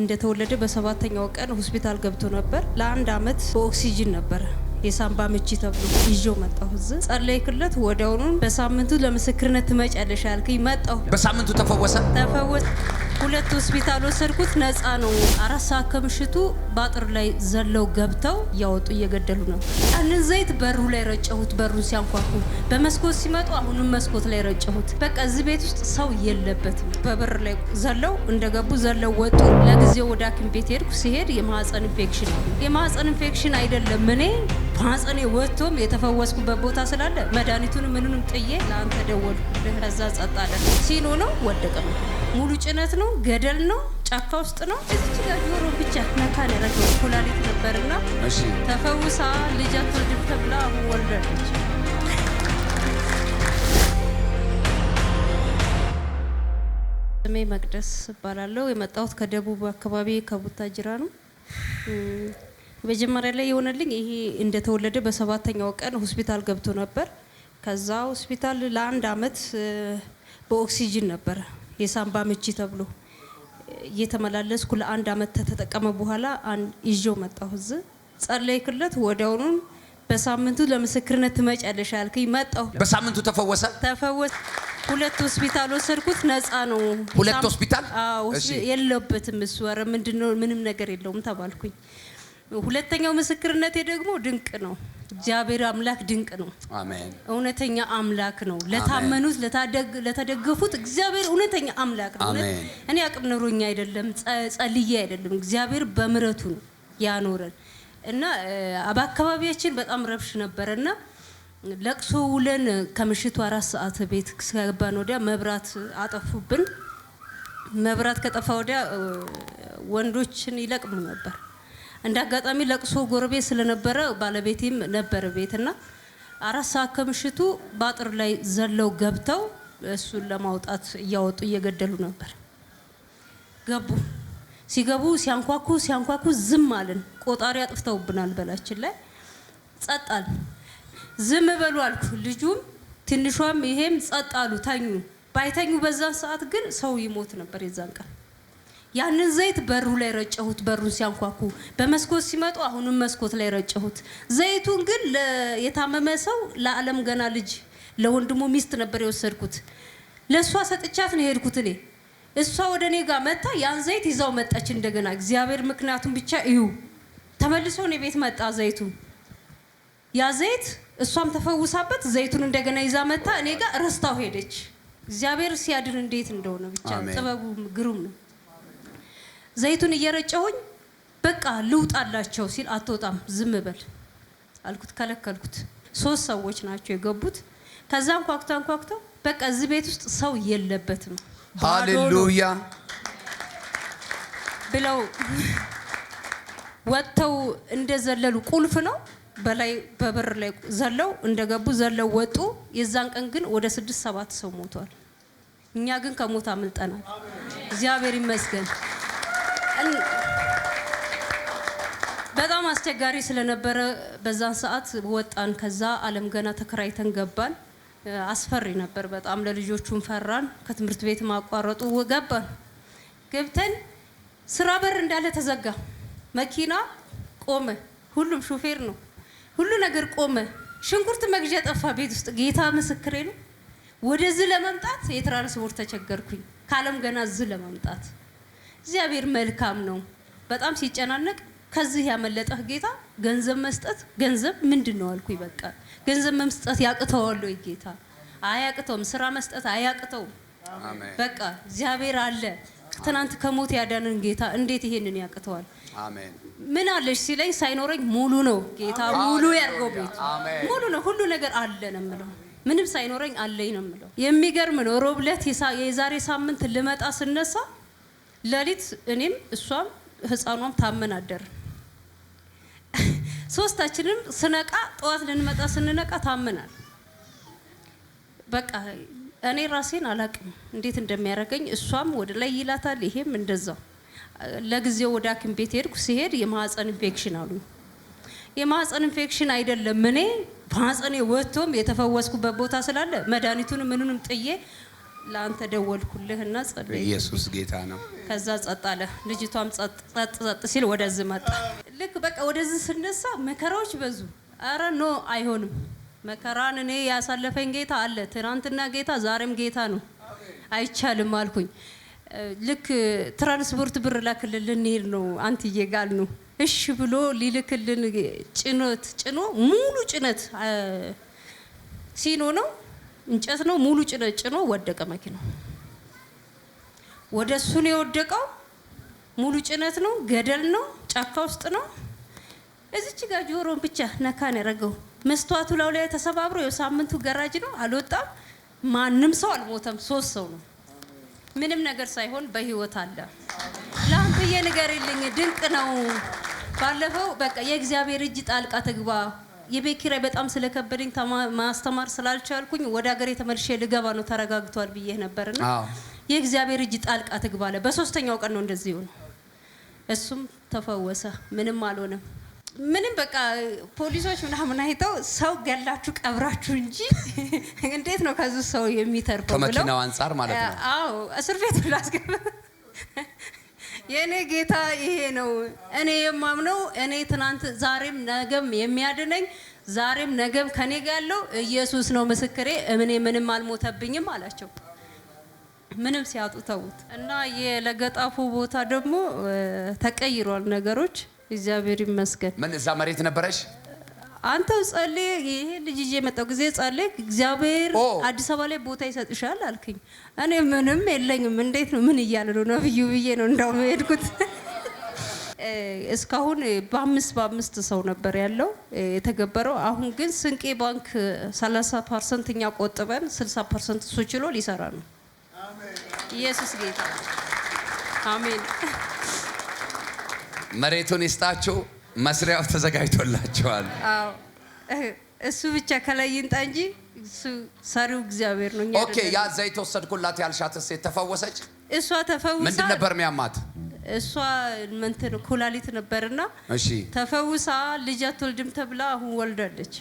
እንደተወለደ በሰባተኛው ቀን ሆስፒታል ገብቶ ነበር። ለአንድ አመት በኦክሲጅን ነበረ የሳምባ ምች ተብሎ ይዤው መጣሁ። እዚህ ጸለይ ክለት ወዲያውኑ በሳምንቱ ለምስክርነት ትመጫለሽ አልከኝ። መጣሁ። በሳምንቱ ተፈወሰ ተፈወሰ። ሁለት ሆስፒታል ወሰድኩት፣ ነፃ ነው። አራት ሰዓት ከምሽቱ በአጥር ላይ ዘለው ገብተው እያወጡ እየገደሉ ነው። ያንን ዘይት በሩ ላይ ረጨሁት። በሩን ሲያንኳኩ በመስኮት ሲመጡ አሁንም መስኮት ላይ ረጨሁት። በቃ እዚህ ቤት ውስጥ ሰው የለበትም። በበር ላይ ዘለው እንደገቡ ዘለው ወጡ። ለጊዜው ወደ ሐኪም ቤት ሄድኩ። ሲሄድ የማህፀን ኢንፌክሽን የማህፀን ኢንፌክሽን አይደለም እኔ ባጸኔ ወጥቶም የተፈወስኩበት ቦታ ስላለ መድኃኒቱን ምንንም ጥዬ ለአንተ ደወልኩልህ። ከዛ ጸጥ አለ። ሲኖ ነው ወደቀ። ሙሉ ጭነት ነው፣ ገደል ነው፣ ጫካ ውስጥ ነው። እዚች ጋር ጆሮ ብቻ ነካ ያደረገው ኩላሊት ነበርና ተፈውሳ ልጅ አትወልድም ተብላ አሁን ወልዳለች። ስሜ መቅደስ እባላለሁ። የመጣሁት ከደቡብ አካባቢ ከቡታጅራ ነው። መጀመሪያ ላይ የሆነልኝ ይሄ እንደተወለደ በሰባተኛው ቀን ሆስፒታል ገብቶ ነበር። ከዛ ሆስፒታል ለአንድ አመት በኦክሲጅን ነበር የሳምባ ምች ተብሎ እየተመላለስኩ ለአንድ አመት ተተጠቀመ በኋላ ይዤው መጣሁ። ዝ ጸለይ ክለት ወዲያውኑ በሳምንቱ ለምስክርነት ትመጫለሽ አልከኝ። መጣሁ። በሳምንቱ ተፈወሰ ተፈወሰ። ሁለት ሆስፒታል ወሰድኩት። ነፃ ነው። ሁለት ሆስፒታል የለበትም እሱ። ኧረ ምንድን ነው ምንም ነገር የለውም ተባልኩኝ። ሁለተኛው ምስክርነቴ ደግሞ ድንቅ ነው። እግዚአብሔር አምላክ ድንቅ ነው። አሜን። እውነተኛ አምላክ ነው። ለታመኑት ለተደገፉት እግዚአብሔር እውነተኛ አምላክ ነው። እኔ አቅም ኖሮኛ አይደለም፣ ጸልዬ አይደለም። እግዚአብሔር በምረቱ ነው ያኖረን እና በአካባቢያችን በጣም ረብሽ ነበርና ለቅሶ ውለን ከምሽቱ አራት ሰዓት ቤት ከገባን ወዲያ መብራት አጠፉብን። መብራት ከጠፋ ወዲያ ወንዶችን ይለቅሙ ነበር እንደ አጋጣሚ ለቅሶ ጎረቤት ስለነበረ ባለቤቴም ነበር ቤትና አራት ሰዓት ከምሽቱ በአጥር ላይ ዘለው ገብተው እሱን ለማውጣት እያወጡ እየገደሉ ነበር። ገቡ። ሲገቡ ሲያንኳኩ ሲያንኳኩ ዝም አልን። ቆጣሪ አጥፍተውብናል በላችን ላይ ጸጥ አል። ዝም በሉ አልኩ። ልጁም ትንሿም ይሄም ጸጥ አሉ፣ ተኙ። ባይተኙ በዛን ሰዓት ግን ሰው ይሞት ነበር የዛን ቀን ያንን ዘይት በሩ ላይ ረጨሁት። በሩን ሲያንኳኩ በመስኮት ሲመጡ አሁንም መስኮት ላይ ረጨሁት። ዘይቱን ግን የታመመ ሰው ለዓለም ገና ልጅ ለወንድሙ ሚስት ነበር የወሰድኩት። ለእሷ ሰጥቻት ነው የሄድኩት እኔ። እሷ ወደ እኔ ጋር መታ ያን ዘይት ይዛው መጣች እንደገና። እግዚአብሔር ምክንያቱም ብቻ እዩ። ተመልሶ እኔ ቤት መጣ ዘይቱ። ያ ዘይት እሷም ተፈውሳበት ዘይቱን እንደገና ይዛ መታ እኔ ጋር ረስታው ሄደች። እግዚአብሔር ሲያድን እንዴት እንደሆነ ብቻ ጥበቡ ግሩም ነው። ዘይቱን እየረጨሁኝ በቃ ልውጣላቸው ሲል አትወጣም ዝም በል አልኩት፣ ከለከልኩት። ሶስት ሰዎች ናቸው የገቡት። ከዛ ኳኩታ ኳኩተው በቃ እዚህ ቤት ውስጥ ሰው የለበትም ሃሌሉያ ብለው ወጥተው እንደዘለሉ ቁልፍ ነው በላይ በበር ላይ ዘለው እንደገቡ ዘለው ወጡ። የዛን ቀን ግን ወደ ስድስት ሰባት ሰው ሞቷል። እኛ ግን ከሞት አምልጠናል። እግዚአብሔር ይመስገን። በጣም አስቸጋሪ ስለነበረ በዛን ሰዓት ወጣን። ከዛ አለም ገና ተከራይተን ገባን። አስፈሪ ነበር በጣም ለልጆቹን ፈራን። ከትምህርት ቤት ማቋረጡ ገባን። ገብተን ስራ በር እንዳለ ተዘጋ። መኪና ቆመ። ሁሉም ሹፌር ነው፣ ሁሉ ነገር ቆመ። ሽንኩርት መግዣ ጠፋ ቤት ውስጥ። ጌታ ምስክሬ ነው። ወደዚህ ለመምጣት የትራንስፖርት ተቸገርኩኝ። ከአለም ገና እዚህ ለመምጣት እግዚአብሔር መልካም ነው። በጣም ሲጨናነቅ ከዚህ ያመለጠህ ጌታ ገንዘብ መስጠት ገንዘብ ምንድን ነው አልኩ። ይበቃ ገንዘብ መስጠት ያቅተዋል ወይ ጌታ? አያቅተውም። ስራ መስጠት አያቅተውም። በቃ እግዚአብሔር አለ። ትናንት ከሞት ያዳንን ጌታ እንዴት ይሄንን ያቅተዋል? ምን አለሽ ሲለኝ ሳይኖረኝ ሙሉ ነው ጌታ ሙሉ ያርገው ቤት ሙሉ ነው ሁሉ ነገር አለ ነው የምለው። ምንም ሳይኖረኝ አለኝ ነው የምለው። የሚገርም ነው። ሮብለት የዛሬ ሳምንት ልመጣ ስነሳ ለሊት እኔም እሷም ህፃኗም ታመን አደርን። ሶስታችንም ስነቃ ጠዋት ልንመጣ ስንነቃ ታምናል። በቃ እኔ ራሴን አላቅም እንዴት እንደሚያደርገኝ። እሷም ወደ ላይ ይላታል፣ ይሄም እንደዛው። ለጊዜው ወደ ሐኪም ቤት ሄድኩ። ሲሄድ የማህፀን ኢንፌክሽን አሉ። የማህፀን ኢንፌክሽን አይደለም እኔ ማህፀኔ ወጥቶም የተፈወስኩበት ቦታ ስላለ መድኃኒቱንም ምኑንም ጥዬ ለአንተ ደወልኩልህ እና ጸለይ። ኢየሱስ ጌታ ነው። ከዛ ጸጥ አለ። ልጅቷም ጸጥ ጸጥ ሲል ወደዚህ መጣ። ልክ በቃ ወደዚህ ስነሳ መከራዎች በዙ። አረ ኖ አይሆንም። መከራን እኔ ያሳለፈኝ ጌታ አለ። ትናንትና ጌታ፣ ዛሬም ጌታ ነው። አይቻልም አልኩኝ። ልክ ትራንስፖርት ብር ላክልን ልንሄድ ነው አንትዬ ጋል ነው እሺ ብሎ ሊልክልን ጭነት ጭኖ ሙሉ ጭነት ሲኖ ነው እንጨት ነው ሙሉ ጭኖ ወደቀ መኪናው። ወደ እሱ ነው የወደቀው። ሙሉ ጭነት ነው፣ ገደል ነው፣ ጫካ ውስጥ ነው። እዚች ጋር ጆሮን ብቻ ነካን ያደረገው መስተዋቱ ላው ላይ ተሰባብሮ የሳምንቱ ገራጅ ነው አልወጣም። ማንም ሰው አልሞተም። ሶስት ሰው ነው ምንም ነገር ሳይሆን በህይወት አለ። ለአንተዬ ንገሪልኝ ድንቅ ነው። ባለፈው በቃ የእግዚአብሔር እጅ ጣልቃ ትግባ የቤት ኪራይ በጣም ስለከበደኝ ማስተማር ስላልቻልኩኝ ወደ ሀገሬ ተመልሼ ልገባ ነው ተረጋግቷል ብዬ ነበርና የእግዚአብሔር እጅ ጣልቃ ትግባለ። በሶስተኛው ቀን ነው እንደዚህ ሆነ። እሱም ተፈወሰ። ምንም አልሆነም። ምንም በቃ ፖሊሶች ምናምን አይተው ሰው ገላችሁ ቀብራችሁ እንጂ እንዴት ነው ከዚህ ሰው የሚተርፈው ብለው ከመኪናው አንጻር ማለት ነው። አዎ እስር ቤት ብላስገባ የእኔ ጌታ ይሄ ነው። እኔ የማምነው እኔ ትናንት ዛሬም ነገም የሚያድነኝ ዛሬም ነገም ከኔ ጋር ያለው ኢየሱስ ነው ምስክሬ። እኔ ምንም አልሞተብኝም አላቸው። ምንም ሲያጡ ተውት እና የለገጣፉ ቦታ ደግሞ ተቀይሯል ነገሮች። እግዚአብሔር ይመስገን። ምን እዛ መሬት ነበረች አንተው ጸልይ፣ ይሄ ልጅ ይዤ መጣሁ ጊዜ ጸልይ፣ እግዚአብሔር አዲስ አበባ ላይ ቦታ ይሰጥሻል አልክኝ እኔ ምንም የለኝም፣ እንዴት ነው ምን እያለ ነው ነብዩ ብዬ ነው እንዳውም የሄድኩት። እስካሁን በአምስት በአምስት ሰው ነበር ያለው የተገበረው። አሁን ግን ስንቄ ባንክ 30 ፐርሰንት እኛ ቆጥበን 60 ፐርሰንት እሱ ችሎ ሊሰራ ነው። ኢየሱስ ጌታ አሜን። መሬቱን ይስጣችሁ። መስሪያው ተዘጋጅቶላቸዋል። እሱ ብቻ ከላይ ይንጣ እንጂ ሰሪው እግዚአብሔር ነው። ኦኬ። ያ ዘይት ወሰድኩላት ያልሻት ሴት ተፈወሰች። እሷ ተፈውሳ ምንድን ነበር የሚያማት? እሷ እንትን ኩላሊት ነበርና፣ ተፈውሳ ልጅ አትወልድም ተብላ አሁን ወልዳለች።